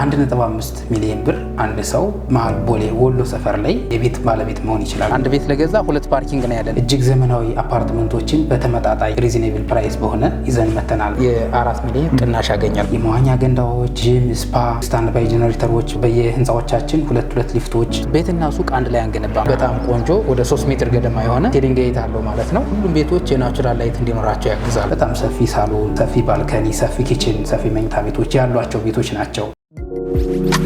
1.5 ሚሊዮን ብር አንድ ሰው መሀል ቦሌ ወሎ ሰፈር ላይ የቤት ባለቤት መሆን ይችላል። አንድ ቤት ለገዛ ሁለት ፓርኪንግ ነው ያለን። እጅግ ዘመናዊ አፓርትመንቶችን በተመጣጣኝ ሪዝኔብል ፕራይስ በሆነ ይዘን መተናል። የአራት ሚሊዮን ቅናሽ ያገኛል። የመዋኛ ገንዳዎች፣ ጂም፣ ስፓ፣ ስታንድ ባይ ጀነሬተሮች፣ በየህንፃዎቻችን ሁለት ሁለት ሊፍቶች፣ ቤትና ሱቅ አንድ ላይ አንገነባም። በጣም ቆንጆ ወደ 3 ሜትር ገደማ የሆነ ሴሊንግ አለው ማለት ነው። ሁሉም ቤቶች የናቹራል ላይት እንዲኖራቸው ያግዛል። በጣም ሰፊ ሳሎን፣ ሰፊ ባልከኒ፣ ሰፊ ኪችን፣ ሰፊ መኝታ ቤቶች ያሏቸው ቤቶች ናቸው። Thank you.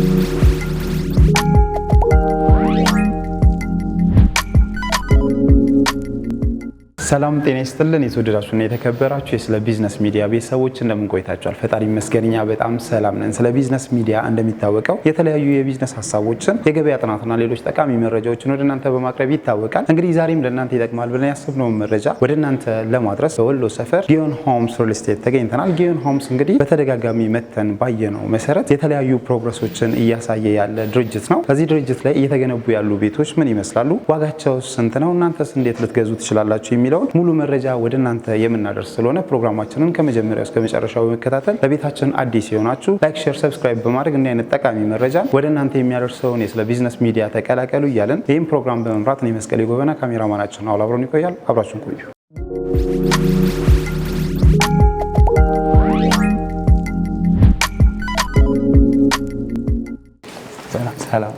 ሰላም ጤና ይስጥልን። የተወደዳችሁና የተከበራችሁ ስለ ቢዝነስ ሚዲያ ቤተሰቦች እንደምን ቆይታችኋል? ፈጣሪ ይመስገን እኛ በጣም ሰላም ነን። ስለ ቢዝነስ ሚዲያ እንደሚታወቀው የተለያዩ የቢዝነስ ሀሳቦችን፣ የገበያ ጥናትና ሌሎች ጠቃሚ መረጃዎችን ወደ እናንተ በማቅረብ ይታወቃል። እንግዲህ ዛሬም ለእናንተ ይጠቅማል ብለን ያሰብነውን መረጃ ወደ እናንተ ለማድረስ በወሎ ሰፈር ጊዮን ሆምስ ሪል ስቴት ተገኝተናል። ጊዮን ሆምስ እንግዲህ በተደጋጋሚ መተን ባየነው መሰረት የተለያዩ ፕሮግረሶችን እያሳየ ያለ ድርጅት ነው። በዚህ ድርጅት ላይ እየተገነቡ ያሉ ቤቶች ምን ይመስላሉ? ዋጋቸው ስንት ነው? እናንተስ እንዴት ልትገዙ ትችላላችሁ? የሚለው ሳይሆን ሙሉ መረጃ ወደ እናንተ የምናደርስ ስለሆነ ፕሮግራማችንን ከመጀመሪያ እስከ መጨረሻው በመከታተል ለቤታችን አዲስ የሆናችሁ ላይክ፣ ሼር፣ ሰብስክራይብ በማድረግ እንዲህ አይነት ጠቃሚ መረጃ ወደ እናንተ የሚያደርሰውን ስለ ቢዝነስ ሚዲያ ተቀላቀሉ እያለን ይህም ፕሮግራም በመምራት ነው መስቀሌ ጎበና፣ ካሜራማናችን አውላ አብሮን ይቆያል። አብራችሁን ቆዩ። ሰላም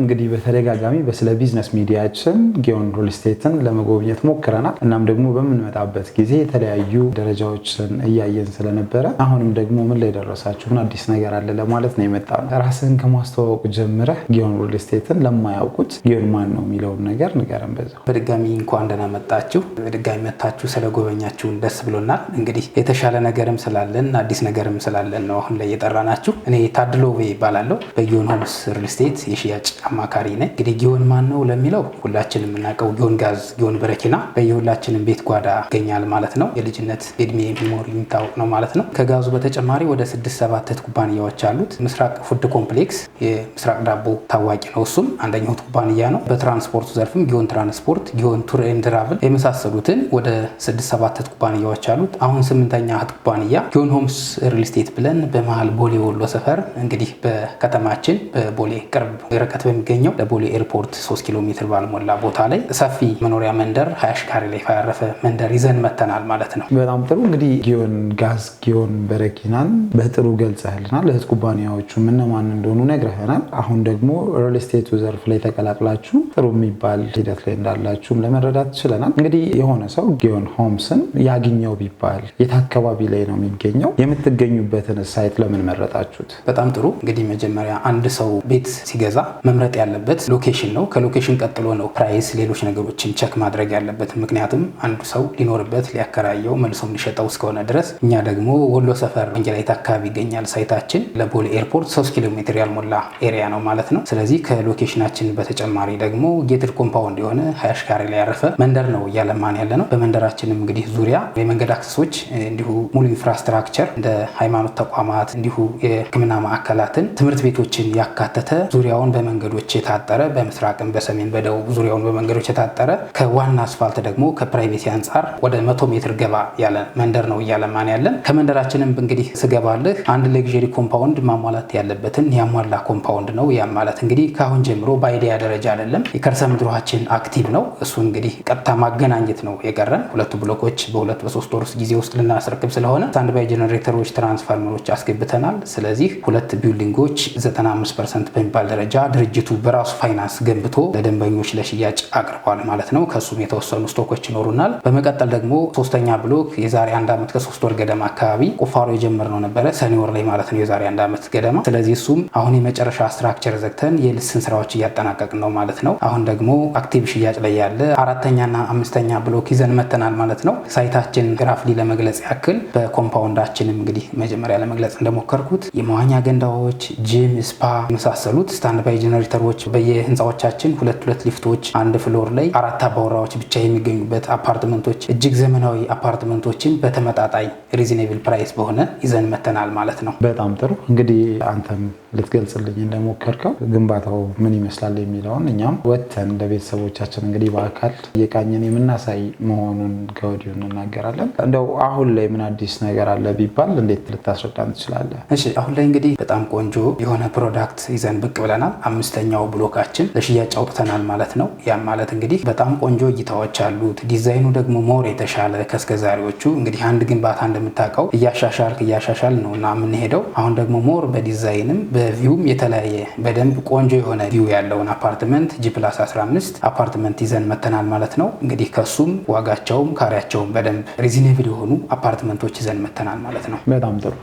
እንግዲህ በተደጋጋሚ በስለ ቢዝነስ ሚዲያችን ጊዮን ሪል ስቴትን ለመጎብኘት ሞክረናል። እናም ደግሞ በምንመጣበት ጊዜ የተለያዩ ደረጃዎችን እያየን ስለነበረ አሁንም ደግሞ ምን ላይ ደረሳችሁ፣ ምን አዲስ ነገር አለ ለማለት ነው የመጣ ነው። ራስህን ከማስተዋወቅ ጀምረህ ጊዮን ሪል ስቴትን ለማያውቁት ጊዮን ማን ነው የሚለውን ነገር ንገረን። በዛው በድጋሚ እንኳን ደህና መጣችሁ። በድጋሚ መታችሁ ስለጎበኛችሁን ደስ ብሎናል። እንግዲህ የተሻለ ነገርም ስላለን አዲስ ነገርም ስላለን ነው አሁን ላይ የጠራናችሁ። እኔ ታድሎ ይባላለሁ በጊዮን ሆምስ ሪል ስቴት የሽያጭ አማካሪ ነኝ። እንግዲህ ጊዮን ማን ነው ለሚለው ሁላችን የምናውቀው ጊዮን ጋዝ፣ ጊዮን በረኪና በየሁላችንም ቤት ጓዳ ይገኛል ማለት ነው። የልጅነት እድሜ ሚሞሪ የሚታወቅ ነው ማለት ነው። ከጋዙ በተጨማሪ ወደ ስድስት ሰባት እህት ኩባንያዎች አሉት። ምስራቅ ፉድ ኮምፕሌክስ የምስራቅ ዳቦ ታዋቂ ነው። እሱም አንደኛው ኩባንያ ነው። በትራንስፖርቱ ዘርፍም ጊዮን ትራንስፖርት፣ ጊዮን ቱር ኤንድ ትራቭል የመሳሰሉትን ወደ ስድስት ሰባት እህት ኩባንያዎች አሉት። አሁን ስምንተኛ እህት ኩባንያ ጊዮን ሆምስ ሪል ስቴት ብለን በመሀል ቦሌ ወሎ ሰፈር እንግዲህ በከተማችን በቦሌ ቅርብ ርቀት በሚገኘው ቦሌ ኤርፖርት 3 ኪሎ ሜትር ባልሞላ ቦታ ላይ ሰፊ መኖሪያ መንደር ሀያ ካሬ ላይ ያረፈ መንደር ይዘን መተናል ማለት ነው። በጣም ጥሩ እንግዲህ ጊዮን ጋዝ ጊዮን በረኪናን በጥሩ ገልጸህልናል። እህት ኩባንያዎቹ እነማን እንደሆኑ ነግረህናል። አሁን ደግሞ ሪል ስቴቱ ዘርፍ ላይ ተቀላቅላችሁ ጥሩ የሚባል ሂደት ላይ እንዳላችሁም ለመረዳት ችለናል። እንግዲህ የሆነ ሰው ጊዮን ሆምስን ያግኘው ቢባል የት አካባቢ ላይ ነው የሚገኘው? የምትገኙበትን ሳይት ለምን መረጣችሁት? በጣም ጥሩ እንግዲህ መጀመሪያ አንድ ሰው ቤት ሲገዛ መምረ መመረጥ ያለበት ሎኬሽን ነው። ከሎኬሽን ቀጥሎ ነው ፕራይስ፣ ሌሎች ነገሮችን ቸክ ማድረግ ያለበት። ምክንያቱም አንዱ ሰው ሊኖርበት ሊያከራየው መልሶም ሊሸጠው እስከሆነ ድረስ እኛ ደግሞ ወሎ ሰፈር ወንጌላይት አካባቢ ይገኛል ሳይታችን ለቦሌ ኤርፖርት ሶስት ኪሎ ሜትር ያልሞላ ኤሪያ ነው ማለት ነው። ስለዚህ ከሎኬሽናችን በተጨማሪ ደግሞ ጌትድ ኮምፓውንድ የሆነ ሀያ ካሬ ላይ ያረፈ መንደር ነው እያለማን ያለ ነው። በመንደራችንም እንግዲህ ዙሪያ የመንገድ አክሰሶች እንዲሁ ሙሉ ኢንፍራስትራክቸር እንደ ሃይማኖት ተቋማት እንዲሁ የሕክምና ማዕከላትን፣ ትምህርት ቤቶችን ያካተተ ዙሪያውን በመንገዱ መንገዶች የታጠረ በምስራቅም በሰሜን በደቡብ ዙሪያውን በመንገዶች የታጠረ ከዋና አስፋልት ደግሞ ከፕራይቬሲ አንጻር ወደ መቶ ሜትር ገባ ያለ መንደር ነው እያለማን ያለን። ከመንደራችንም እንግዲህ ስገባልህ አንድ ሌግሪ ኮምፓውንድ ማሟላት ያለበትን ያሟላ ኮምፓውንድ ነው። ያም ማለት እንግዲህ ከአሁን ጀምሮ በአይዲያ ደረጃ አይደለም። የከርሰ ምድሯችን አክቲቭ ነው። እሱ እንግዲህ ቀጥታ ማገናኘት ነው የቀረን። ሁለቱ ብሎኮች በሁለት በሶስት ወር ጊዜ ውስጥ ልናስረክብ ስለሆነ ባይ ጀነሬተሮች፣ ትራንስፎርመሮች አስገብተናል። ስለዚህ ሁለት ቢልዲንጎች 95 ፐርሰንት በሚባል ደረጃ ድርጅቱ ድርጅቱ በራሱ ፋይናንስ ገንብቶ ለደንበኞች ለሽያጭ አቅርቧል ማለት ነው። ከሱም የተወሰኑ ስቶኮች ይኖሩናል። በመቀጠል ደግሞ ሶስተኛ ብሎክ የዛሬ አንድ ዓመት ከሶስት ወር ገደማ አካባቢ ቁፋሮ የጀመርነው ነበረ ሰኔ ወር ላይ ማለት ነው፣ የዛሬ አንድ ዓመት ገደማ። ስለዚህ እሱም አሁን የመጨረሻ ስትራክቸር ዘግተን የልስን ስራዎች እያጠናቀቅን ነው ማለት ነው። አሁን ደግሞ አክቲቭ ሽያጭ ላይ ያለ አራተኛና አምስተኛ ብሎክ ይዘን መተናል ማለት ነው። ሳይታችን ግራፍሊ ለመግለጽ ያክል በኮምፓውንዳችንም እንግዲህ መጀመሪያ ለመግለጽ እንደሞከርኩት የመዋኛ ገንዳዎች፣ ጂም፣ ስፓ የመሳሰሉት ስታንድ ባይ ጀነሬተር ሊፍተሮች በየህንፃዎቻችን ሁለት ሁለት ሊፍቶች አንድ ፍሎር ላይ አራት አባወራዎች ብቻ የሚገኙበት አፓርትመንቶች እጅግ ዘመናዊ አፓርትመንቶችን በተመጣጣኝ ሪዝኔብል ፕራይስ በሆነ ይዘን መተናል ማለት ነው። በጣም ጥሩ እንግዲህ አንተም ልትገልጽልኝ እንደሞከርከው ግንባታው ምን ይመስላል የሚለውን እኛም ወተን ለቤተሰቦቻችን እንግዲህ በአካል እየቃኘን የምናሳይ መሆኑን ከወዲሁ እንናገራለን። እንደው አሁን ላይ ምን አዲስ ነገር አለ ቢባል እንዴት ልታስረዳን ትችላለን? እሺ አሁን ላይ እንግዲህ በጣም ቆንጆ የሆነ ፕሮዳክት ይዘን ብቅ ብለናል። አምስት በስድስተኛው ብሎካችን ለሽያጭ አውጥተናል ማለት ነው። ያም ማለት እንግዲህ በጣም ቆንጆ እይታዎች አሉት። ዲዛይኑ ደግሞ ሞር የተሻለ ከስከዛሬዎቹ እንግዲህ አንድ ግንባታ እንደምታውቀው እያሻሻል እያሻሻል ነው እና የምንሄደው አሁን ደግሞ ሞር በዲዛይንም በቪውም የተለያየ በደንብ ቆንጆ የሆነ ቪው ያለውን አፓርትመንት ጂፕላስ 15 አፓርትመንት ይዘን መተናል ማለት ነው። እንግዲህ ከሱም ዋጋቸውም ካሪያቸውም በደንብ ሪዝኔብል የሆኑ አፓርትመንቶች ይዘን መተናል ማለት ነው። በጣም ጥሩ።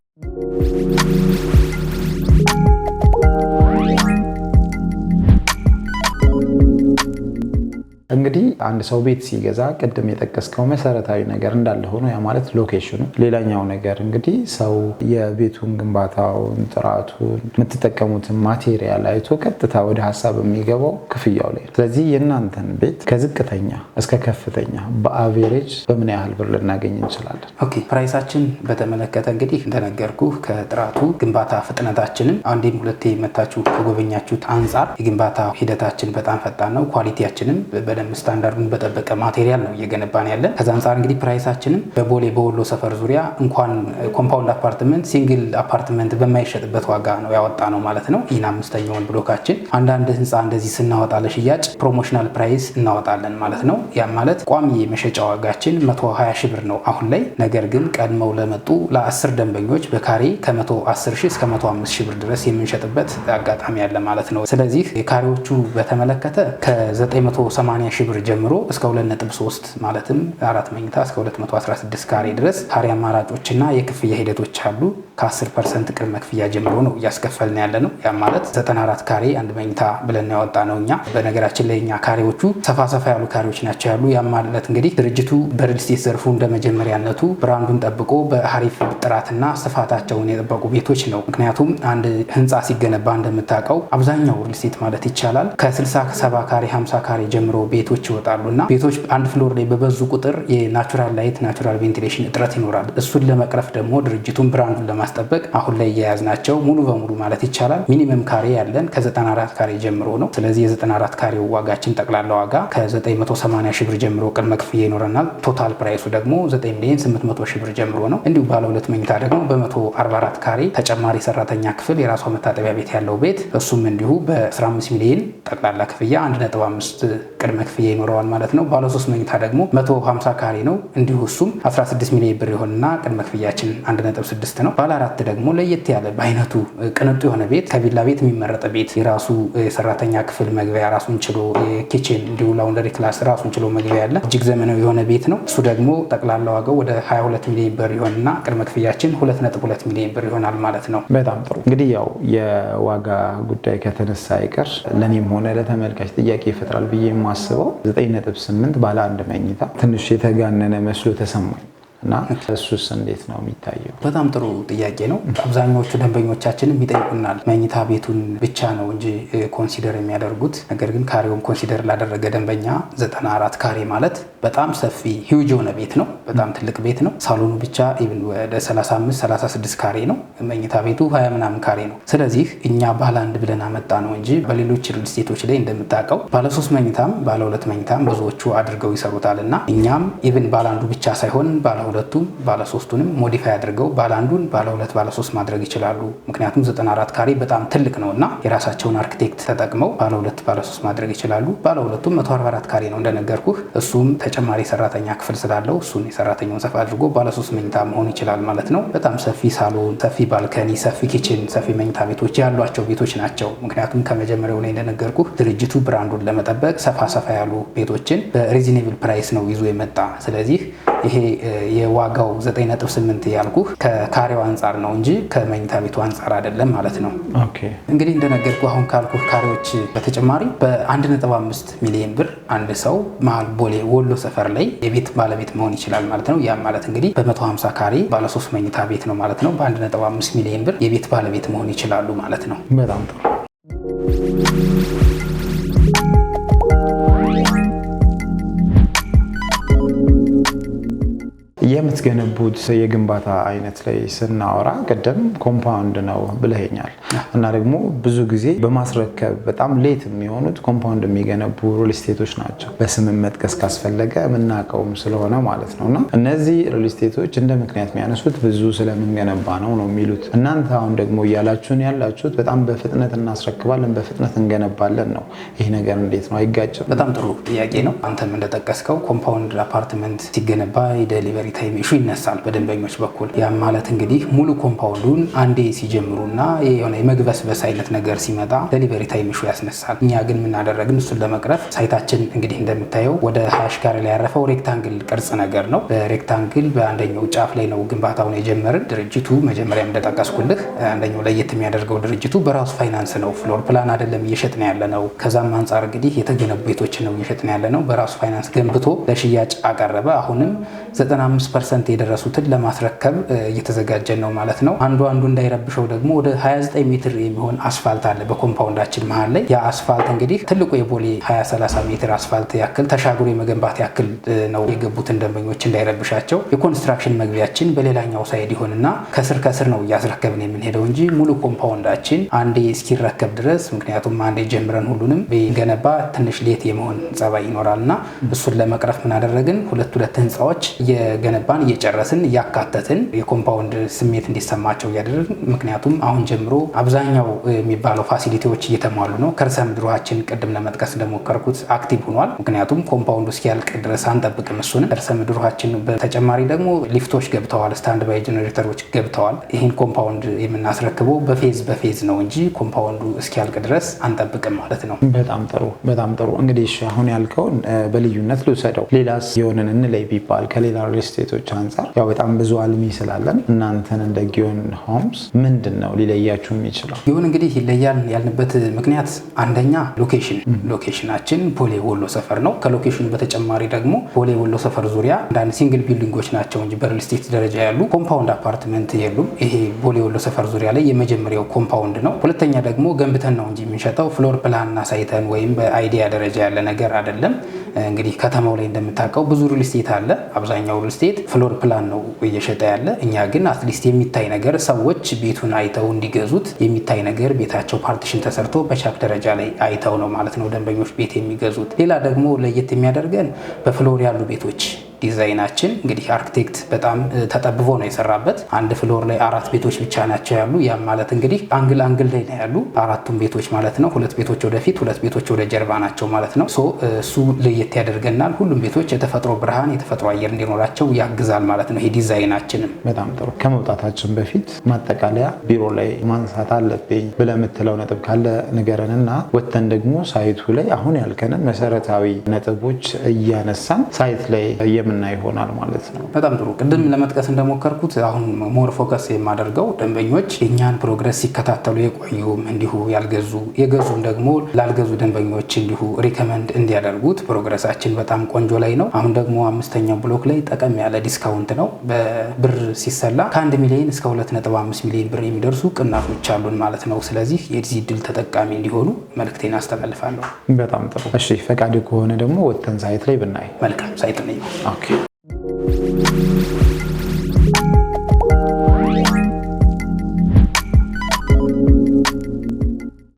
እንግዲህ አንድ ሰው ቤት ሲገዛ ቅድም የጠቀስከው መሰረታዊ ነገር እንዳለ ሆኖ ያ ማለት ሎኬሽኑ። ሌላኛው ነገር እንግዲህ ሰው የቤቱን ግንባታውን፣ ጥራቱን፣ የምትጠቀሙትን ማቴሪያል አይቶ ቀጥታ ወደ ሀሳብ የሚገባው ክፍያው ላይ ነው። ስለዚህ የእናንተን ቤት ከዝቅተኛ እስከ ከፍተኛ በአቬሬጅ በምን ያህል ብር ልናገኝ እንችላለን? ኦኬ ፕራይሳችን በተመለከተ እንግዲህ እንደነገርኩ ከጥራቱ ግንባታ ፍጥነታችንም አንዴም ሁለቴ መታችሁ ከጎበኛችሁት አንጻር የግንባታ ሂደታችን በጣም ፈጣን ነው። ኳሊቲያችንም በደንብ ስታንዳርዱን በጠበቀ ማቴሪያል ነው እየገነባን ያለን። ከዛ አንጻር እንግዲህ ፕራይሳችንም በቦሌ በወሎ ሰፈር ዙሪያ እንኳን ኮምፓውንድ አፓርትመንት ሲንግል አፓርትመንት በማይሸጥበት ዋጋ ነው ያወጣ ነው ማለት ነው። ይህን አምስተኛውን ብሎካችን አንዳንድ ህንፃ እንደዚህ ስናወጣ ለሽያጭ ፕሮሞሽናል ፕራይስ እናወጣለን ማለት ነው። ያ ማለት ቋሚ የመሸጫ ዋጋችን 120 ሺ ብር ነው አሁን ላይ። ነገር ግን ቀድመው ለመጡ ለአስር ደንበኞች በካሬ ከ110 ሺህ እስከ 105 ሺ ብር ድረስ የምንሸጥበት አጋጣሚ አለ ማለት ነው። ስለዚህ የካሬዎቹ በተመለከተ ከ980 ሺህ ብር ጀምሮ እስከ 2.3 ማለትም አራት መኝታ እስከ 216 ካሬ ድረስ ካሬ አማራጮችና የክፍያ ሂደቶች አሉ። ከ10 ፐርሰንት ቅድመ ክፍያ ጀምሮ ነው እያስከፈልን ያለ ነው። ያ ማለት 94 ካሬ አንድ መኝታ ብለን ያወጣ ነው እኛ። በነገራችን ላይ እኛ ካሬዎቹ ሰፋ ሰፋ ያሉ ካሬዎች ናቸው ያሉ። ያ ማለት እንግዲህ ድርጅቱ በሪልስቴት ዘርፉ ዘርፉ እንደመጀመሪያነቱ ብራንዱን ጠብቆ በአሪፍ ጥራትና ስፋታቸውን የጠበቁ ቤቶች ነው። ምክንያቱም አንድ ህንፃ ሲገነባ እንደምታውቀው አብዛኛው ሪል ማለት ይቻላል ከ60 70 ካሬ 50 ካሬ ጀምሮ ቤቶች ቤቶች ይወጣሉ እና ቤቶች አንድ ፍሎር ላይ በበዙ ቁጥር የናቹራል ላይት ናቹራል ቬንቲሌሽን እጥረት ይኖራል። እሱን ለመቅረፍ ደግሞ ድርጅቱን ብራንዱን ለማስጠበቅ አሁን ላይ እየያዝ ናቸው ሙሉ በሙሉ ማለት ይቻላል ሚኒመም ካሬ ያለን ከ94 ካሬ ጀምሮ ነው። ስለዚህ የ94 ካሬው ዋጋችን ጠቅላላ ዋጋ ከ980 ሺህ ብር ጀምሮ ቅድመ ክፍያ ይኖረናል። ቶታል ፕራይሱ ደግሞ 9 ሚሊዮን 800 ሺህ ብር ጀምሮ ነው። እንዲሁም ባለ ሁለት መኝታ ደግሞ በ144 ካሬ ተጨማሪ ሰራተኛ ክፍል የራሷ መታጠቢያ ቤት ያለው ቤት እሱም እንዲሁ በ15 ሚሊዮን ጠቅላላ ክፍያ 1.5 ቅድመ ክፍያ ክፍያ ይኖረዋል ማለት ነው። ባለ ሶስት መኝታ ደግሞ 150 ካሬ ነው። እንዲሁ እሱም 16 ሚሊዮን ብር ይሆንና ቅድመ ክፍያችን 1.6 ነው። ባለ አራት ደግሞ ለየት ያለ በአይነቱ ቅንጡ የሆነ ቤት ከቪላ ቤት የሚመረጠ ቤት የራሱ የሰራተኛ ክፍል መግቢያ ራሱን ችሎ ኪችን፣ እንዲሁ ላውንደሪ ክላስ ራሱን ችሎ መግቢያ ያለ እጅግ ዘመናዊ የሆነ ቤት ነው። እሱ ደግሞ ጠቅላላ ዋጋው ወደ 22 ሚሊዮን ብር ይሆንና ቅድመ ክፍያችን 2.2 ሚሊዮን ብር ይሆናል ማለት ነው። በጣም ጥሩ እንግዲህ ያው የዋጋ ጉዳይ ከተነሳ አይቀር ለእኔም ሆነ ለተመልካች ጥያቄ ይፈጥራል ብዬ የማስበው 9.8 ባለ አንድ መኝታ ትንሽ የተጋነነ መስሎ ተሰማኝ። እና እሱስ እንዴት ነው የሚታየው? በጣም ጥሩ ጥያቄ ነው። አብዛኛዎቹ ደንበኞቻችንም ይጠይቁናል። መኝታ ቤቱን ብቻ ነው እንጂ ኮንሲደር የሚያደርጉት። ነገር ግን ካሬውን ኮንሲደር ላደረገ ደንበኛ 94 ካሬ ማለት በጣም ሰፊ ሂውጅ የሆነ ቤት ነው። በጣም ትልቅ ቤት ነው። ሳሎኑ ብቻ ኢቭን ወደ 35 36 ካሬ ነው። መኝታ ቤቱ ሀያ ምናምን ካሬ ነው። ስለዚህ እኛ ባለ አንድ ብለን አመጣ ነው እንጂ በሌሎች ሪል ስቴቶች ላይ እንደምታውቀው ባለ ሶስት መኝታም ባለ ሁለት መኝታም ብዙዎቹ አድርገው ይሰሩታል እና እኛም ኢቭን ባለ አንዱ ብቻ ሳይሆን ባለ ሁለቱም ባለ ሶስቱንም ሞዲፋይ አድርገው ባለ አንዱን ባለ ሁለት ባለ ሶስት ማድረግ ይችላሉ። ምክንያቱም 94 ካሬ በጣም ትልቅ ነው እና የራሳቸውን አርክቴክት ተጠቅመው ባለ ሁለት ባለ ሶስት ማድረግ ይችላሉ። ባለ ሁለቱም 144 ካሬ ነው እንደነገርኩህ። እሱም ተጨማሪ ሰራተኛ ክፍል ስላለው እሱን የሰራተኛውን ሰፋ አድርጎ ባለ ሶስት መኝታ መሆን ይችላል ማለት ነው። በጣም ሰፊ ሳሎን፣ ሰፊ ባልከኒ፣ ሰፊ ኪችን፣ ሰፊ መኝታ ቤቶች ያሏቸው ቤቶች ናቸው። ምክንያቱም ከመጀመሪያው ላይ እንደነገርኩህ ድርጅቱ ብራንዱን ለመጠበቅ ሰፋ ሰፋ ያሉ ቤቶችን በሪዝኔብል ፕራይስ ነው ይዞ የመጣ ስለዚህ ይሄ የዋጋው 9.8 ያልኩ ከካሬው አንጻር ነው እንጂ ከመኝታ ቤቱ አንጻር አይደለም ማለት ነው። እንግዲህ እንደነገርኩ አሁን ካልኩ ካሬዎች በተጨማሪ በ1.5 ሚሊዮን ብር አንድ ሰው መሀል ቦሌ ወሎ ሰፈር ላይ የቤት ባለቤት መሆን ይችላል ማለት ነው። ያም ማለት እንግዲህ በ150 ካሬ ባለሶስት መኝታ ቤት ነው ማለት ነው። በ1.5 ሚሊዮን ብር የቤት ባለቤት መሆን ይችላሉ ማለት ነው። በጣም ጥሩ የምትገነቡት የግንባታ አይነት ላይ ስናወራ ቅድም ኮምፓውንድ ነው ብለኛል እና ደግሞ ብዙ ጊዜ በማስረከብ በጣም ሌት የሚሆኑት ኮምፓውንድ የሚገነቡ ሪል ስቴቶች ናቸው። በስምን መጥቀስ ካስፈለገ የምናውቀውም ስለሆነ ማለት ነው። እና እነዚህ ሪል ስቴቶች እንደ ምክንያት የሚያነሱት ብዙ ስለምንገነባ ነው ነው የሚሉት። እናንተ አሁን ደግሞ እያላችሁን ያላችሁት በጣም በፍጥነት እናስረክባለን፣ በፍጥነት እንገነባለን ነው። ይህ ነገር እንዴት ነው አይጋጭም? በጣም ጥሩ ጥያቄ ነው። አንተም እንደጠቀስከው ኮምፓውንድ አፓርትመንት ሲገነባ ደሊቨሪ ቅሬታም ኢሹ ይነሳል በደንበኞች በኩል። ያም ማለት እንግዲህ ሙሉ ኮምፓውንዱን አንዴ ሲጀምሩና የሆነ የመግበስበስ አይነት ነገር ሲመጣ ደሊቨሪ ታይም ኢሹ ያስነሳል። እኛ ግን የምናደረግን እሱን ለመቅረፍ ሳይታችን እንግዲህ እንደምታየው ወደ ሀሽ ጋር ላይ ያረፈው ሬክታንግል ቅርጽ ነገር ነው። በሬክታንግል በአንደኛው ጫፍ ላይ ነው ግንባታውን የጀመርን። ድርጅቱ መጀመሪያ እንደጠቀስኩልህ አንደኛው ለየት የሚያደርገው ድርጅቱ በራሱ ፋይናንስ ነው፣ ፍሎር ፕላን አይደለም እየሸጥ ነው ያለ ነው። ከዛም አንጻር እንግዲህ የተገነቡ ቤቶች ነው እየሸጥ ነው ያለ ነው። በራሱ ፋይናንስ ገንብቶ ለሽያጭ አቀረበ። አሁንም 95 አምስት ፐርሰንት የደረሱትን ለማስረከብ እየተዘጋጀን ነው ማለት ነው። አንዱ አንዱ እንዳይረብሸው ደግሞ ወደ 29 ሜትር የሚሆን አስፋልት አለ በኮምፓውንዳችን መሀል ላይ። ያ አስፋልት እንግዲህ ትልቁ የቦሌ 230 ሜትር አስፋልት ያክል ተሻግሮ የመገንባት ያክል ነው። የገቡትን ደንበኞች እንዳይረብሻቸው የኮንስትራክሽን መግቢያችን በሌላኛው ሳይድ ይሆንና ከስር ከስር ነው እያስረከብን የምንሄደው እንጂ ሙሉ ኮምፓውንዳችን አንዴ እስኪረከብ ድረስ ምክንያቱም አንዴ ጀምረን ሁሉንም ገነባ ትንሽ ሌት የመሆን ጸባይ ይኖራል እና እሱን ለመቅረፍ ምን አደረግን ሁለት ሁለት ህንፃዎች እየገነባን እየጨረስን እያካተትን የኮምፓውንድ ስሜት እንዲሰማቸው እያደረግን ምክንያቱም አሁን ጀምሮ አብዛኛው የሚባለው ፋሲሊቲዎች እየተሟሉ ነው። ከርሰ ምድሯችን ቅድም ለመጥቀስ እንደሞከርኩት አክቲቭ ሆኗል። ምክንያቱም ኮምፓውንዱ እስኪያልቅ ድረስ አንጠብቅም። እሱንም ከርሰ ምድሯችን በተጨማሪ ደግሞ ሊፍቶች ገብተዋል፣ ስታንድ ባይ ጀኔሬተሮች ገብተዋል። ይህን ኮምፓውንድ የምናስረክበው በፌዝ በፌዝ ነው እንጂ ኮምፓውንዱ እስኪያልቅ ድረስ አንጠብቅም ማለት ነው። በጣም ጥሩ በጣም ጥሩ። እንግዲህ አሁን ያልከውን በልዩነት ልውሰደው። ሌላስ የሆነን እንለይ ቢባል ከሌላ ሪል ሴቶች አንጻር ያው በጣም ብዙ አልሚ ስላለን እናንተን እንደ ጊዮን ሆምስ ምንድን ነው ሊለያችሁ የሚችለው? ጊዮን እንግዲህ ይለያል ያልንበት ምክንያት አንደኛ ሎኬሽን ሎኬሽናችን ፖሌ ወሎ ሰፈር ነው። ከሎኬሽኑ በተጨማሪ ደግሞ ፖሌ ወሎ ሰፈር ዙሪያ አንዳንድ ሲንግል ቢልዲንጎች ናቸው እንጂ በሪል ስቴት ደረጃ ያሉ ኮምፓውንድ አፓርትመንት የሉም። ይሄ ፖሌ ወሎ ሰፈር ዙሪያ ላይ የመጀመሪያው ኮምፓውንድ ነው። ሁለተኛ ደግሞ ገንብተን ነው እንጂ የምንሸጠው ፍሎር ፕላን አሳይተን ወይም በአይዲያ ደረጃ ያለ ነገር አይደለም። እንግዲህ ከተማው ላይ እንደምታውቀው ብዙ ሪል ስቴት አለ። አብዛኛው ሪል ስቴት ቤት ፍሎር ፕላን ነው እየሸጠ ያለ። እኛ ግን አትሊስት የሚታይ ነገር ሰዎች ቤቱን አይተው እንዲገዙት የሚታይ ነገር ቤታቸው ፓርቲሽን ተሰርቶ በቻክ ደረጃ ላይ አይተው ነው ማለት ነው ደንበኞች ቤት የሚገዙት። ሌላ ደግሞ ለየት የሚያደርገን በፍሎር ያሉ ቤቶች ዲዛይናችን እንግዲህ አርክቴክት በጣም ተጠብቦ ነው የሰራበት። አንድ ፍሎር ላይ አራት ቤቶች ብቻ ናቸው ያሉ። ያም ማለት እንግዲህ አንግል አንግል ላይ ነው ያሉ አራቱም ቤቶች ማለት ነው። ሁለት ቤቶች ወደፊት፣ ሁለት ቤቶች ወደ ጀርባ ናቸው ማለት ነው። እሱ ለየት ያደርገናል። ሁሉም ቤቶች የተፈጥሮ ብርሃን፣ የተፈጥሮ አየር እንዲኖራቸው ያግዛል ማለት ነው። ይሄ ዲዛይናችንም በጣም ጥሩ። ከመውጣታችን በፊት ማጠቃለያ ቢሮ ላይ ማንሳት አለብኝ ብለምትለው የምትለው ነጥብ ካለ ንገረን እና ወተን ደግሞ ሳይቱ ላይ አሁን ያልከንን መሰረታዊ ነጥቦች እያነሳን ሳይት ላይ የምን የምናይ ይሆናል ማለት ነው። በጣም ጥሩ። ቅድም ለመጥቀስ እንደሞከርኩት አሁን ሞር ፎከስ የማደርገው ደንበኞች የእኛን ፕሮግረስ ሲከታተሉ የቆዩም እንዲሁ ያልገዙ የገዙም ደግሞ ላልገዙ ደንበኞች እንዲሁ ሪከመንድ እንዲያደርጉት ፕሮግረሳችን በጣም ቆንጆ ላይ ነው። አሁን ደግሞ አምስተኛው ብሎክ ላይ ጠቀም ያለ ዲስካውንት ነው። በብር ሲሰላ ከአንድ ሚሊዮን እስከ ሁለት ነጥብ አምስት ሚሊዮን ብር የሚደርሱ ቅናቶች አሉን ማለት ነው። ስለዚህ የዚህ ድል ተጠቃሚ እንዲሆኑ መልክቴን አስተላልፋለሁ። በጣም ጥሩ። እሺ ፈቃድ ከሆነ ደግሞ ወተን ሳይት ላይ ብናይ መልካም ሳይት Okay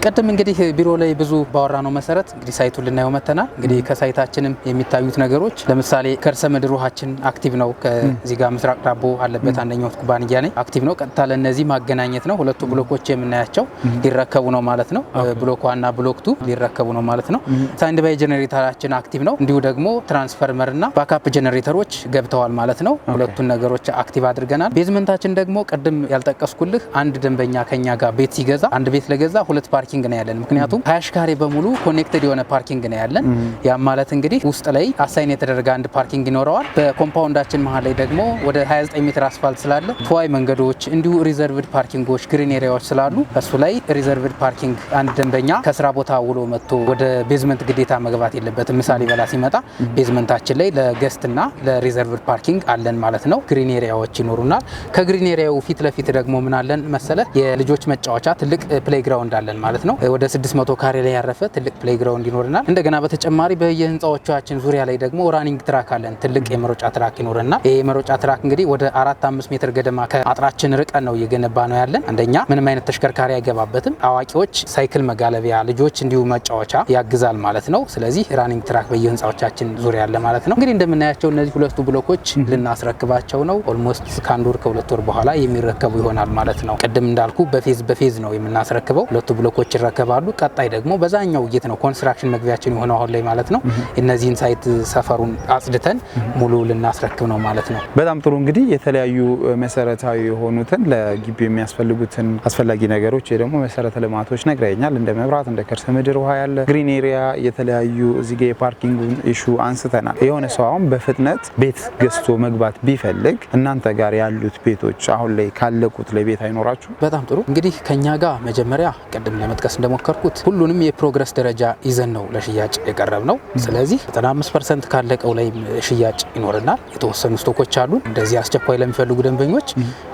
ቅድም እንግዲህ ቢሮ ላይ ብዙ ባወራ ነው መሰረት እንግዲህ ሳይቱን ልናየው መተናል። እንግዲህ ከሳይታችንም የሚታዩት ነገሮች ለምሳሌ ከርሰ ምድር ውሃችን አክቲቭ ነው። ከዚህ ጋር ምስራቅ ዳቦ አለበት አንደኛው ኩባንያ ላይ አክቲቭ ነው። ቀጥታ ለእነዚህ ማገናኘት ነው። ሁለቱ ብሎኮች የምናያቸው ሊረከቡ ነው ማለት ነው። ብሎክ ዋና ብሎክ ቱ ሊረከቡ ነው ማለት ነው። ሳይንድ ባይ ጀኔሬተራችን አክቲቭ ነው። እንዲሁ ደግሞ ትራንስፈርመር ባካፕ ጀኔሬተሮች ገብተዋል ማለት ነው። ሁለቱን ነገሮች አክቲቭ አድርገናል። ቤዝመንታችን ደግሞ ቅድም ያልጠቀስኩልህ አንድ ደንበኛ ከኛ ጋር ቤት ሲገዛ አንድ ቤት ለገዛ ሁለት ፓርኪንግ ፓርኪንግ ነው ያለን። ምክንያቱም ሀያ ካሬ በሙሉ ኮኔክትድ የሆነ ፓርኪንግ ነው ያለን። ያም ማለት እንግዲህ ውስጥ ላይ አሳይን የተደረገ አንድ ፓርኪንግ ይኖረዋል። በኮምፓውንዳችን መሀል ላይ ደግሞ ወደ 29 ሜትር አስፋልት ስላለ ተዋይ መንገዶች፣ እንዲሁ ሪዘርቭድ ፓርኪንጎች፣ ግሪን ኤሪያዎች ስላሉ እሱ ላይ ሪዘርቭድ ፓርኪንግ አንድ ደንበኛ ከስራ ቦታ ውሎ መጥቶ ወደ ቤዝመንት ግዴታ መግባት የለበትም። ምሳሌ በላ ሲመጣ ቤዝመንታችን ላይ ለገስትና ለሪዘርቭድ ፓርኪንግ አለን ማለት ነው። ግሪን ኤሪያዎች ይኖሩናል። ከግሪን ኤሪያው ፊት ለፊት ደግሞ ምን አለን መሰለ የልጆች መጫወቻ ትልቅ ፕሌይግራውንድ አለን ማለት ማለት ነው። ወደ 600 ካሬ ላይ ያረፈ ትልቅ ፕሌይግራውንድ ይኖረናል። እንደገና በተጨማሪ በየህንፃዎቻችን ዙሪያ ላይ ደግሞ ራኒንግ ትራክ አለን። ትልቅ የመሮጫ ትራክ ይኖረናል። ይህ የመሮጫ ትራክ እንግዲህ ወደ አራት አምስት ሜትር ገደማ ከአጥራችን ርቀን ነው እየገነባ ነው ያለን። አንደኛ ምንም አይነት ተሽከርካሪ አይገባበትም። አዋቂዎች ሳይክል መጋለቢያ፣ ልጆች እንዲሁ መጫወቻ ያግዛል ማለት ነው። ስለዚህ ራኒንግ ትራክ በየህንፃዎቻችን ዙሪያ አለ ማለት ነው። እንግዲህ እንደምናያቸው እነዚህ ሁለቱ ብሎኮች ልናስረክባቸው ነው። ኦልሞስት ከአንድ ወር ከሁለት ወር በኋላ የሚረከቡ ይሆናል ማለት ነው። ቅድም እንዳልኩ በፌዝ በፌዝ ነው የምናስረክበው ሁለቱ ብሎኮች ሳይቶች ይረከባሉ። ቀጣይ ደግሞ በዛኛው ውይይት ነው ኮንስትራክሽን መግቢያችን የሆነው አሁን ላይ ማለት ነው። እነዚህን ሳይት ሰፈሩን አጽድተን ሙሉ ልናስረክብ ነው ማለት ነው። በጣም ጥሩ እንግዲህ የተለያዩ መሰረታዊ የሆኑትን ለግቢ የሚያስፈልጉትን አስፈላጊ ነገሮች ደግሞ መሰረተ ልማቶች ነግረኛል። እንደ መብራት፣ እንደ ከርሰ ምድር ውሃ ያለ ግሪን ኤሪያ፣ የተለያዩ እዚህ የፓርኪንግ ኢሹ አንስተናል። የሆነ ሰው አሁን በፍጥነት ቤት ገዝቶ መግባት ቢፈልግ እናንተ ጋር ያሉት ቤቶች አሁን ላይ ካለቁት ለቤት አይኖራችሁ? በጣም ጥሩ እንግዲህ ከኛ ጋር መጀመሪያ ቅድም ለመጥቀስ እንደሞከርኩት ሁሉንም የፕሮግረስ ደረጃ ይዘን ነው ለሽያጭ የቀረብ ነው። ስለዚህ 95 ፐርሰንት ካለቀው ላይ ሽያጭ ይኖርናል። የተወሰኑ ስቶኮች አሉ። እንደዚህ አስቸኳይ ለሚፈልጉ ደንበኞች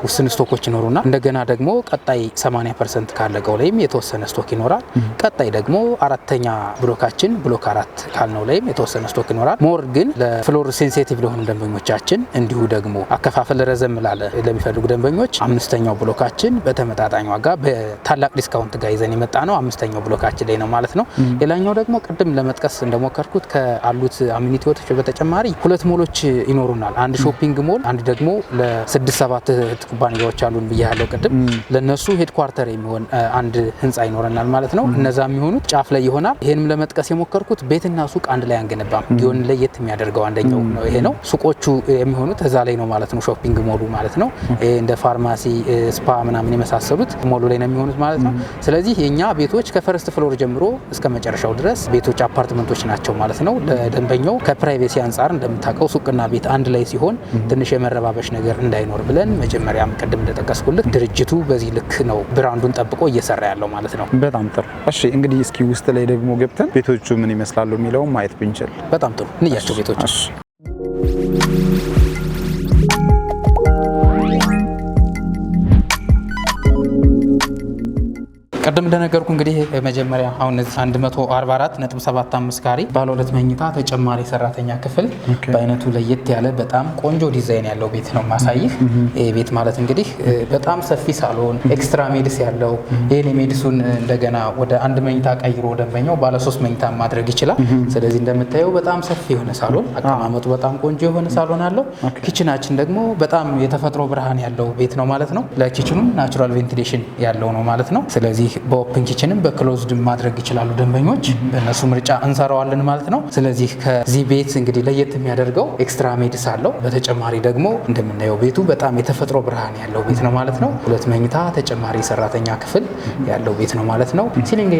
ውስን ስቶኮች ይኖሩናል። እንደገና ደግሞ ቀጣይ 80 ፐርሰንት ካለቀው ላይም የተወሰነ ስቶክ ይኖራል። ቀጣይ ደግሞ አራተኛ ብሎካችን ብሎክ አራት ካልነው ላይም የተወሰነ ስቶክ ይኖራል። ሞር ግን ለፍሎር ሴንሴቲቭ ለሆኑ ደንበኞቻችን እንዲሁ ደግሞ አከፋፈል ረዘም ላለ ለሚፈልጉ ደንበኞች አምስተኛው ብሎካችን በተመጣጣኝ ዋጋ በታላቅ ዲስካውንት ጋር ይዘን የመጣ የመጣ ነው። አምስተኛው ብሎካችን ላይ ነው ማለት ነው። ሌላኛው ደግሞ ቅድም ለመጥቀስ እንደሞከርኩት ከአሉት አሚኒቲዎች በተጨማሪ ሁለት ሞሎች ይኖሩናል። አንድ ሾፒንግ ሞል፣ አንድ ደግሞ ለስድስት ሰባት እህት ኩባንያዎች አሉን ብያለው ቅድም ለእነሱ ሄድኳርተር የሚሆን አንድ ህንፃ ይኖረናል ማለት ነው። እነዛ የሚሆኑት ጫፍ ላይ ይሆናል። ይህንም ለመጥቀስ የሞከርኩት ቤትና ሱቅ አንድ ላይ አንገነባም። ጊዮን ለየት የሚያደርገው አንደኛው ነው ይሄ ነው። ሱቆቹ የሚሆኑት እዛ ላይ ነው ማለት ነው። ሾፒንግ ሞሉ ማለት ነው። እንደ ፋርማሲ፣ ስፓ ምናምን የመሳሰሉት ሞሉ ላይ ነው የሚሆኑት ማለት ነው። ስለዚህ የኛ ቤቶች ከፈርስት ፍሎር ጀምሮ እስከ መጨረሻው ድረስ ቤቶች አፓርትመንቶች ናቸው ማለት ነው። ለደንበኛው ከፕራይቬሲ አንጻር እንደምታውቀው ሱቅና ቤት አንድ ላይ ሲሆን ትንሽ የመረባበሽ ነገር እንዳይኖር ብለን መጀመሪያም ቅድም እንደጠቀስኩልህ ድርጅቱ በዚህ ልክ ነው ብራንዱን ጠብቆ እየሰራ ያለው ማለት ነው። በጣም ጥሩ። እሺ እንግዲህ እስኪ ውስጥ ላይ ደግሞ ገብተን ቤቶቹ ምን ይመስላሉ የሚለውም ማየት ብንችል በጣም ጥሩ። እንያቸው ቤቶች ቀደም እንደነገርኩ እንግዲህ መጀመሪያ አሁን 144.75 ካሬ ባለ ሁለት መኝታ ተጨማሪ ሰራተኛ ክፍል በአይነቱ ለየት ያለ በጣም ቆንጆ ዲዛይን ያለው ቤት ነው ማሳይህ። ይህ ቤት ማለት እንግዲህ በጣም ሰፊ ሳሎን፣ ኤክስትራ ሜድስ ያለው ይህን የሜድሱን እንደገና ወደ አንድ መኝታ ቀይሮ ደንበኛው ባለ ሶስት መኝታ ማድረግ ይችላል። ስለዚህ እንደምታየው በጣም ሰፊ የሆነ ሳሎን አቀማመጡ በጣም ቆንጆ የሆነ ሳሎን አለው። ኪችናችን ደግሞ በጣም የተፈጥሮ ብርሃን ያለው ቤት ነው ማለት ነው። ለኪችኑም ናቹራል ቬንቲሌሽን ያለው ነው ማለት ነው። ስለዚህ እንግዲህ በኦፕን ኪችንም በክሎዝድ ማድረግ ይችላሉ ደንበኞች፣ በእነሱ ምርጫ እንሰራዋለን ማለት ነው። ስለዚህ ከዚህ ቤት እንግዲህ ለየት የሚያደርገው ኤክስትራ ሜድስ አለው። በተጨማሪ ደግሞ እንደምናየው ቤቱ በጣም የተፈጥሮ ብርሃን ያለው ቤት ነው ማለት ነው። ሁለት መኝታ ተጨማሪ ሰራተኛ ክፍል ያለው ቤት ነው ማለት ነው። ሲሊንግ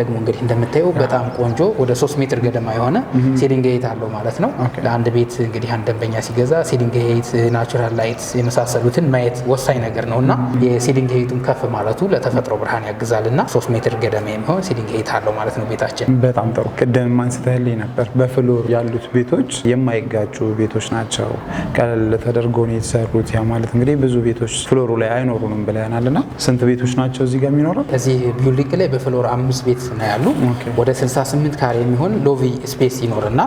ደግሞ እንግዲህ እንደምታየው በጣም ቆንጆ ወደ ሶስት ሜትር ገደማ የሆነ ሲሊንግ አለው ማለት ነው። ለአንድ ቤት እንግዲህ አንድ ደንበኛ ሲገዛ ሲሊንግ ሄት፣ ናቹራል ላይት የመሳሰሉትን ማየት ወሳኝ ነገር ነው እና የሲሊንግ ሄቱም ከፍ ማለቱ ለተፈጥሮ ብርሃን ያግዛል ይችላል እና ሶስት ሜትር ገደማ የሚሆን ሲሊንግ ሄት አለው ማለት ነው ቤታችን። በጣም ጥሩ። ቅድም አንስተህልኝ ነበር በፍሎር ያሉት ቤቶች የማይጋጩ ቤቶች ናቸው ቀለል ተደርጎ ነው የተሰሩት። ያ ማለት እንግዲህ ብዙ ቤቶች ፍሎሩ ላይ አይኖሩንም ብለናል እና ስንት ቤቶች ናቸው እዚህ ጋር የሚኖረው? እዚህ ቢውልዲንግ ላይ በፍሎር አምስት ቤት ነው ያሉ ወደ 68 ካሬ የሚሆን ሎቪ ስፔስ ይኖርና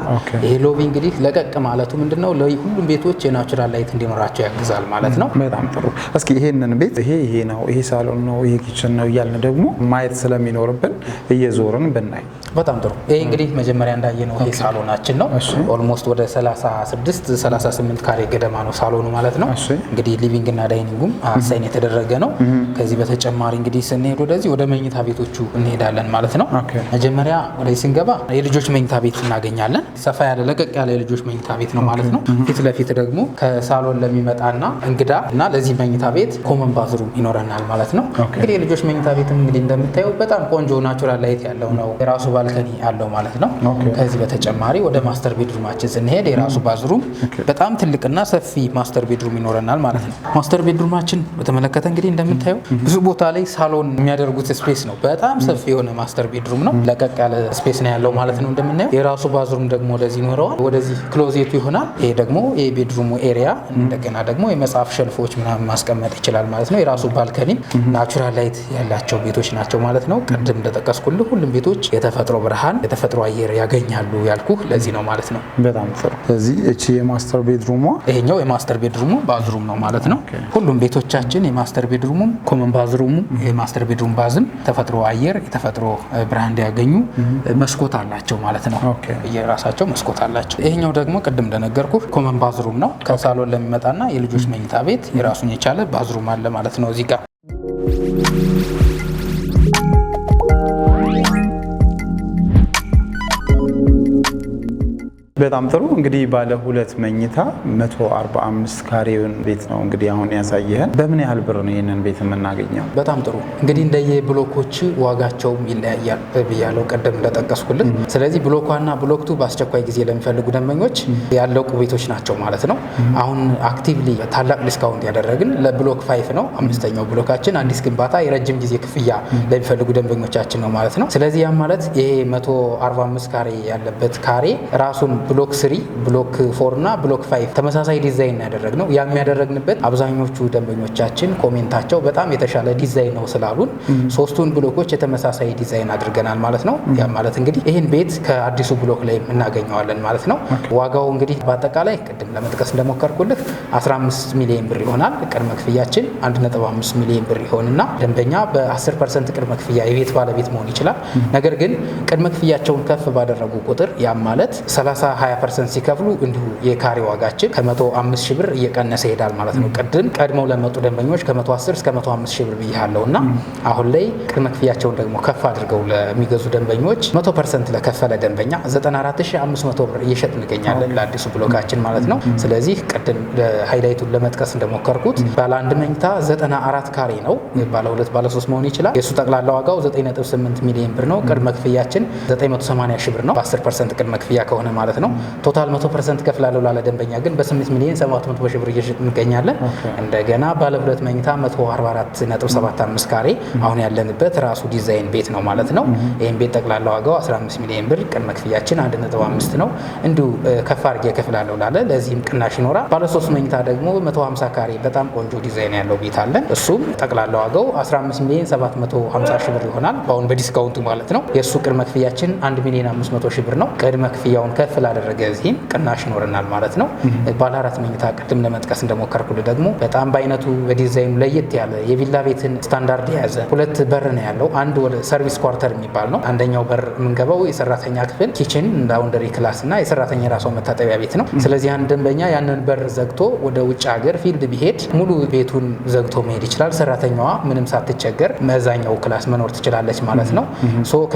ይሄ ሎቪ እንግዲህ ለቀቅ ማለቱ ምንድነው ነው ሁሉም ቤቶች የናቹራል ላይት እንዲኖራቸው ያግዛል ማለት ነው። በጣም ጥሩ። እስኪ ይሄንን ቤት ይሄ ይሄ ነው ይሄ ሳሎን ነው ይሄ ኪችን ነው እያልን ደግሞ ደግሞ ማየት ስለሚኖርብን እየዞርን ብናይ በጣም ጥሩ። ይህ እንግዲህ መጀመሪያ እንዳየነው ይሄ ሳሎናችን ነው። ኦልሞስት ወደ 36 38 ካሬ ገደማ ነው ሳሎኑ ማለት ነው። እንግዲህ ሊቪንግ እና ዳይኒንጉም አሳይን የተደረገ ነው። ከዚህ በተጨማሪ እንግዲህ ስንሄድ ወደዚህ ወደ መኝታ ቤቶቹ እንሄዳለን ማለት ነው። መጀመሪያ ወደዚህ ስንገባ የልጆች መኝታ ቤት እናገኛለን። ሰፋ ያለ ለቀቅ ያለ የልጆች መኝታ ቤት ነው ማለት ነው። ፊት ለፊት ደግሞ ከሳሎን ለሚመጣና እንግዳ እና ለዚህ መኝታ ቤት ኮመን ባዝሩም ይኖረናል ማለት ነው። እንግዲህ የልጆች መኝታ ቤት እንዲህ እንደምታዩ በጣም ቆንጆ ናቹራል ላይት ያለው ነው። የራሱ ባልከኒ አለው ማለት ነው። ከዚህ በተጨማሪ ወደ ማስተር ቤድሩማችን ስንሄድ የራሱ ባዝሩም በጣም ትልቅና ሰፊ ማስተር ቤድሩም ይኖረናል ማለት ነው። ማስተር ቤድሩማችን በተመለከተ እንግዲህ እንደምታየው ብዙ ቦታ ላይ ሳሎን የሚያደርጉት ስፔስ ነው። በጣም ሰፊ የሆነ ማስተር ቤድሩም ነው። ለቀቅ ያለ ስፔስ ነው ያለው ማለት ነው። እንደምናየው የራሱ ባዝሩም ደግሞ ወደዚህ ይኖረዋል። ወደዚህ ክሎዜቱ ይሆናል። ይሄ ደግሞ የቤድሩሙ ኤሪያ እንደገና ደግሞ የመጽሐፍ ሸልፎች ምናምን ማስቀመጥ ይችላል ማለት ነው። የራሱ ባልከኒ ናቹራል ላይት ያላቸው ቤቶች ቤቶች ናቸው ማለት ነው። ቅድም እንደጠቀስኩል ሁሉም ቤቶች የተፈጥሮ ብርሃን፣ የተፈጥሮ አየር ያገኛሉ ያልኩ ለዚህ ነው ማለት ነው። በጣም ጥሩ። ስለዚህ እቺ የማስተር ቤድሩሟ ይሄኛው የማስተር ቤድሩሙ ባዝሩም ነው ማለት ነው። ሁሉም ቤቶቻችን የማስተር ቤድሩሙም ኮመን ባዝሩሙ የማስተር ቤድሩም ባዝም ተፈጥሮ አየር፣ የተፈጥሮ ብርሃን እንዲያገኙ መስኮት አላቸው ማለት ነው። የራሳቸው መስኮት አላቸው። ይሄኛው ደግሞ ቅድም እንደነገርኩ ኮመን ባዝሩም ነው። ከሳሎን ለሚመጣና የልጆች መኝታ ቤት የራሱን የቻለ ባዝሩም አለ ማለት ነው እዚህ ጋር በጣም ጥሩ እንግዲህ ባለ ሁለት መኝታ 145 ካሬውን ቤት ነው እንግዲህ አሁን ያሳየህን። በምን ያህል ብር ነው ይህንን ቤት የምናገኘው? በጣም ጥሩ እንግዲህ እንደየ ብሎኮች ዋጋቸውም ይለያያል ብያለው ቀደም እንደጠቀስኩልን። ስለዚህ ብሎኳና ብሎክቱ በአስቸኳይ ጊዜ ለሚፈልጉ ደንበኞች ያለቁ ቤቶች ናቸው ማለት ነው። አሁን አክቲቭሊ ታላቅ ዲስካውንት ያደረግን ለብሎክ ፋይፍ ነው አምስተኛው ብሎካችን አዲስ ግንባታ የረጅም ጊዜ ክፍያ ለሚፈልጉ ደንበኞቻችን ነው ማለት ነው። ስለዚህ ያም ማለት ይሄ 145 ካሬ ያለበት ካሬ ራሱን ብሎክ ስሪ፣ ብሎክ ፎር እና ብሎክ ፋይቭ ተመሳሳይ ዲዛይን ያደረግ ነው። ያ የሚያደረግንበት አብዛኞቹ ደንበኞቻችን ኮሜንታቸው በጣም የተሻለ ዲዛይን ነው ስላሉን ሶስቱን ብሎኮች የተመሳሳይ ዲዛይን አድርገናል ማለት ነው። ያ ማለት እንግዲህ ይህን ቤት ከአዲሱ ብሎክ ላይ እናገኘዋለን ማለት ነው። ዋጋው እንግዲህ በአጠቃላይ ቅድም ለመጥቀስ እንደሞከርኩልህ 15 ሚሊዮን ብር ይሆናል። ቅድመ ክፍያችን 1.5 ሚሊዮን ብር ይሆንና ደንበኛ በ10 ፐርሰንት ቅድመ ክፍያ የቤት ባለቤት መሆን ይችላል። ነገር ግን ቅድመ ክፍያቸውን ከፍ ባደረጉ ቁጥር ያም ማለት 30 20 ፐርሰንት ሲከፍሉ እንዲሁ የካሬ ዋጋችን ከ105 ሺህ ብር እየቀነሰ ይሄዳል ማለት ነው። ቅድም ቀድመው ለመጡ ደንበኞች ከ110 እስከ 105 ሺህ ብር ብያለው እና አሁን ላይ ቅድመ ክፍያቸውን ደግሞ ከፍ አድርገው ለሚገዙ ደንበኞች 100 ፐርሰንት ለከፈለ ደንበኛ 94500 ብር እየሸጥ እንገኛለን ለአዲሱ ብሎካችን ማለት ነው። ስለዚህ ቅድም ሃይላይቱን ለመጥቀስ እንደሞከርኩት ባለ አንድ መኝታ 94 ካሬ ነው። ባለ ሁለት ባለ ሶስት መሆን ይችላል። የእሱ ጠቅላላ ዋጋው 9.8 ሚሊዮን ብር ነው። ቅድመ ክፍያችን 980 ሺህ ብር ነው። በ10 ፐርሰንት ቅድመ ክፍያ ከሆነ ማለት ነው። ነው። ቶታል 100 ፐርሰንት ከፍላለሁ ላለ ደንበኛ ግን በ8 ሚሊዮን 700 ሺህ ብር እየሸጥ እንገኛለን። እንደገና ባለ ሁለት መኝታ 144.75 ካሬ አሁን ያለንበት ራሱ ዲዛይን ቤት ነው ማለት ነው። ይህም ቤት ጠቅላላ ዋጋው 15 ሚሊዮን ብር፣ ቅድመ ክፍያችን 1.5 ነው። እንዲሁ ከፍ አድርጌ ከፍላለሁ ላለ ለዚህም ቅናሽ ይኖራል። ባለ 3 መኝታ ደግሞ 150 ካሬ በጣም ቆንጆ ዲዛይን ያለው ቤት አለን። እሱም ጠቅላላ ዋጋው 15 ሚሊዮን 750 ሺህ ብር ይሆናል። በአሁን በዲስካውንቱ ማለት ነው። የእሱ ቅድመ ክፍያችን 1 ሚሊዮን 500 ሺህ ብር ነው። ቅድመ ክፍያውን ከፍላ ስላደረገ እዚህም ቅናሽ ይኖረናል ማለት ነው። ባለ አራት መኝታ ቅድም ለመጥቀስ እንደሞከርኩል ደግሞ በጣም በአይነቱ በዲዛይኑ ለየት ያለ የቪላ ቤትን ስታንዳርድ የያዘ ሁለት በር ነው ያለው። አንድ ወደ ሰርቪስ ኳርተር የሚባል ነው። አንደኛው በር የምንገባው የሰራተኛ ክፍል፣ ኪችን፣ ላውንደሪ ክላስ እና የሰራተኛ የራሷ መታጠቢያ ቤት ነው። ስለዚህ አንድ ደንበኛ ያንን በር ዘግቶ ወደ ውጭ ሀገር ፊልድ ቢሄድ ሙሉ ቤቱን ዘግቶ መሄድ ይችላል። ሰራተኛዋ ምንም ሳትቸገር መዛኛው ክላስ መኖር ትችላለች ማለት ነው።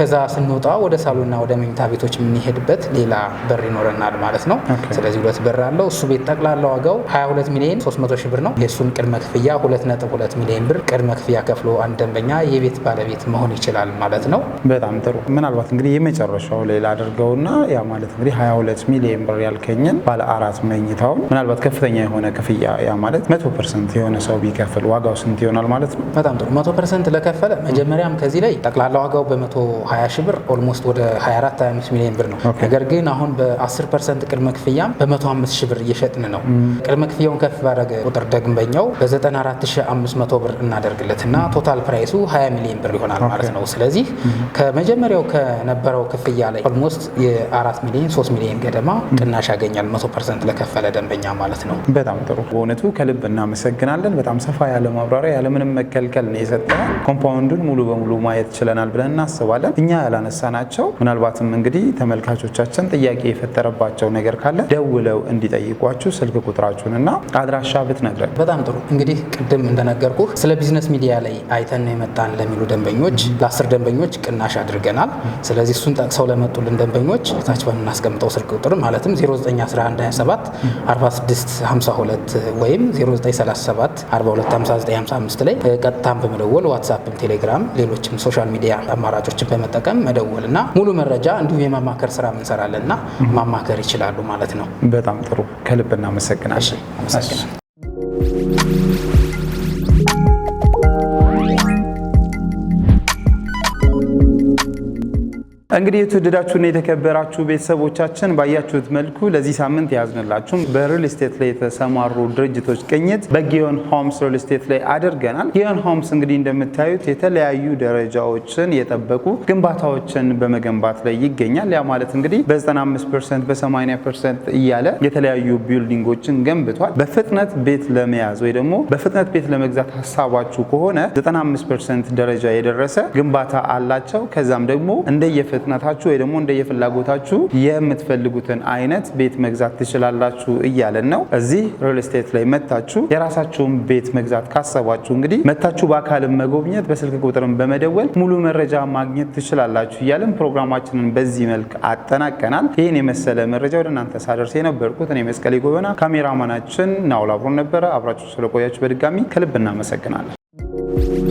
ከዛ ስንወጣ ወደ ሳሎንና ወደ መኝታ ቤቶች የምንሄድበት ሌላ በር ይኖረናል ማለት ነው። ስለዚህ ሁለት በር አለው። እሱ ቤት ጠቅላላ ዋጋው 22 ሚሊዮን 300 ሺህ ብር ነው። የእሱን ቅድመ ክፍያ 2.2 ሚሊዮን ብር ቅድመ ክፍያ ከፍሎ አንድ ደንበኛ የቤት ባለቤት መሆን ይችላል ማለት ነው። በጣም ጥሩ። ምናልባት እንግዲህ የመጨረሻው ሌላ አድርገውና ያ ማለት እንግዲህ 22 ሚሊዮን ብር ያልከኝን ባለ አራት መኝታውን ምናልባት ከፍተኛ የሆነ ክፍያ ያ ማለት መቶ ፐርሰንት የሆነ ሰው ቢከፍል ዋጋው ስንት ይሆናል ማለት ነው? በጣም ጥሩ መቶ ፐርሰንት ለከፈለ መጀመሪያም ከዚህ ላይ ጠቅላላ ዋጋው በመቶ 120 ሺህ ብር ኦልሞስት ወደ 24 25 ሚሊዮን ብር ነው። ነገር ግን አሁን በ በ ፐርሰንት ቅድመ ክፍያ በ105 ሺ ብር እየሸጥን ነው። ቅድመ ክፍያውን ከፍ ባረገ ቁጥር ደንበኛው በ94500 ብር እናደርግለትና ቶታል ፕራይሱ 20 ሚሊዮን ብር ይሆናል ማለት ነው። ስለዚህ ከመጀመሪያው ከነበረው ክፍያ ላይ ኦልሞስት የ4 ሚሊዮን 3 ሚሊዮን ገደማ ቅናሽ ያገኛል። 100 ፐርሰንት ለከፈለ ደንበኛ ማለት ነው። በጣም ጥሩ። በእውነቱ ከልብ እናመሰግናለን። በጣም ሰፋ ያለ ማብራሪያ ያለምንም መከልከል ነው የሰጠ ኮምፓውንዱን ሙሉ በሙሉ ማየት ችለናል ብለን እናስባለን። እኛ ያላነሳ ናቸው ምናልባትም እንግዲህ ተመልካቾቻችን ጥያቄ የተፈጠረባቸው ነገር ካለ ደውለው እንዲጠይቋችሁ ስልክ ቁጥራችሁን እና አድራሻ ብትነግረን በጣም ጥሩ። እንግዲህ ቅድም እንደነገርኩ ስለ ቢዝነስ ሚዲያ ላይ አይተን ነው የመጣን ለሚሉ ደንበኞች ለአስር ደንበኞች ቅናሽ አድርገናል። ስለዚህ እሱን ጠቅሰው ለመጡልን ደንበኞች ታች በምናስቀምጠው ስልክ ቁጥር ማለትም 091127 ወይም 0937 ላይ ቀጥታን በመደወል ዋትሳፕም፣ ቴሌግራም፣ ሌሎችም ሶሻል ሚዲያ አማራጮችን በመጠቀም መደወል እና ሙሉ መረጃ እንዲሁም የማማከር ስራ እንሰራለን እና ማማከር ይችላሉ ማለት ነው። በጣም ጥሩ ከልብ እናመሰግናለን። እንግዲህ የተወደዳችሁና የተከበራችሁ ቤተሰቦቻችን ባያችሁት መልኩ ለዚህ ሳምንት የያዝንላችሁም በሪል ስቴት ላይ የተሰማሩ ድርጅቶች ቅኝት በጊዮን ሆምስ ሪል ስቴት ላይ አድርገናል። ጊዮን ሆምስ እንግዲህ እንደምታዩት የተለያዩ ደረጃዎችን የጠበቁ ግንባታዎችን በመገንባት ላይ ይገኛል። ያ ማለት እንግዲህ በ95 ፐርሰንት በ80 ፐርሰንት እያለ የተለያዩ ቢልዲንጎችን ገንብቷል። በፍጥነት ቤት ለመያዝ ወይ ደግሞ በፍጥነት ቤት ለመግዛት ሀሳባችሁ ከሆነ 95 ፐርሰንት ደረጃ የደረሰ ግንባታ አላቸው። ከዛም ደግሞ እንደየፈ ፍጥነታችሁ ወይ ደግሞ እንደየፍላጎታችሁ የምትፈልጉትን አይነት ቤት መግዛት ትችላላችሁ እያለን ነው። እዚህ ሪል ስቴት ላይ መታችሁ የራሳችሁን ቤት መግዛት ካሰባችሁ እንግዲህ መታችሁ በአካልም መጎብኘት፣ በስልክ ቁጥርም በመደወል ሙሉ መረጃ ማግኘት ትችላላችሁ እያለን ፕሮግራማችንን በዚህ መልክ አጠናቀናል። ይህን የመሰለ መረጃ ወደ እናንተ ሳደርስ የነበርኩት እኔ መስቀሌ ጎበና፣ ካሜራማናችን ናውል አብሮን ነበረ። አብራችሁ ስለቆያችሁ በድጋሚ ከልብ እናመሰግናለን።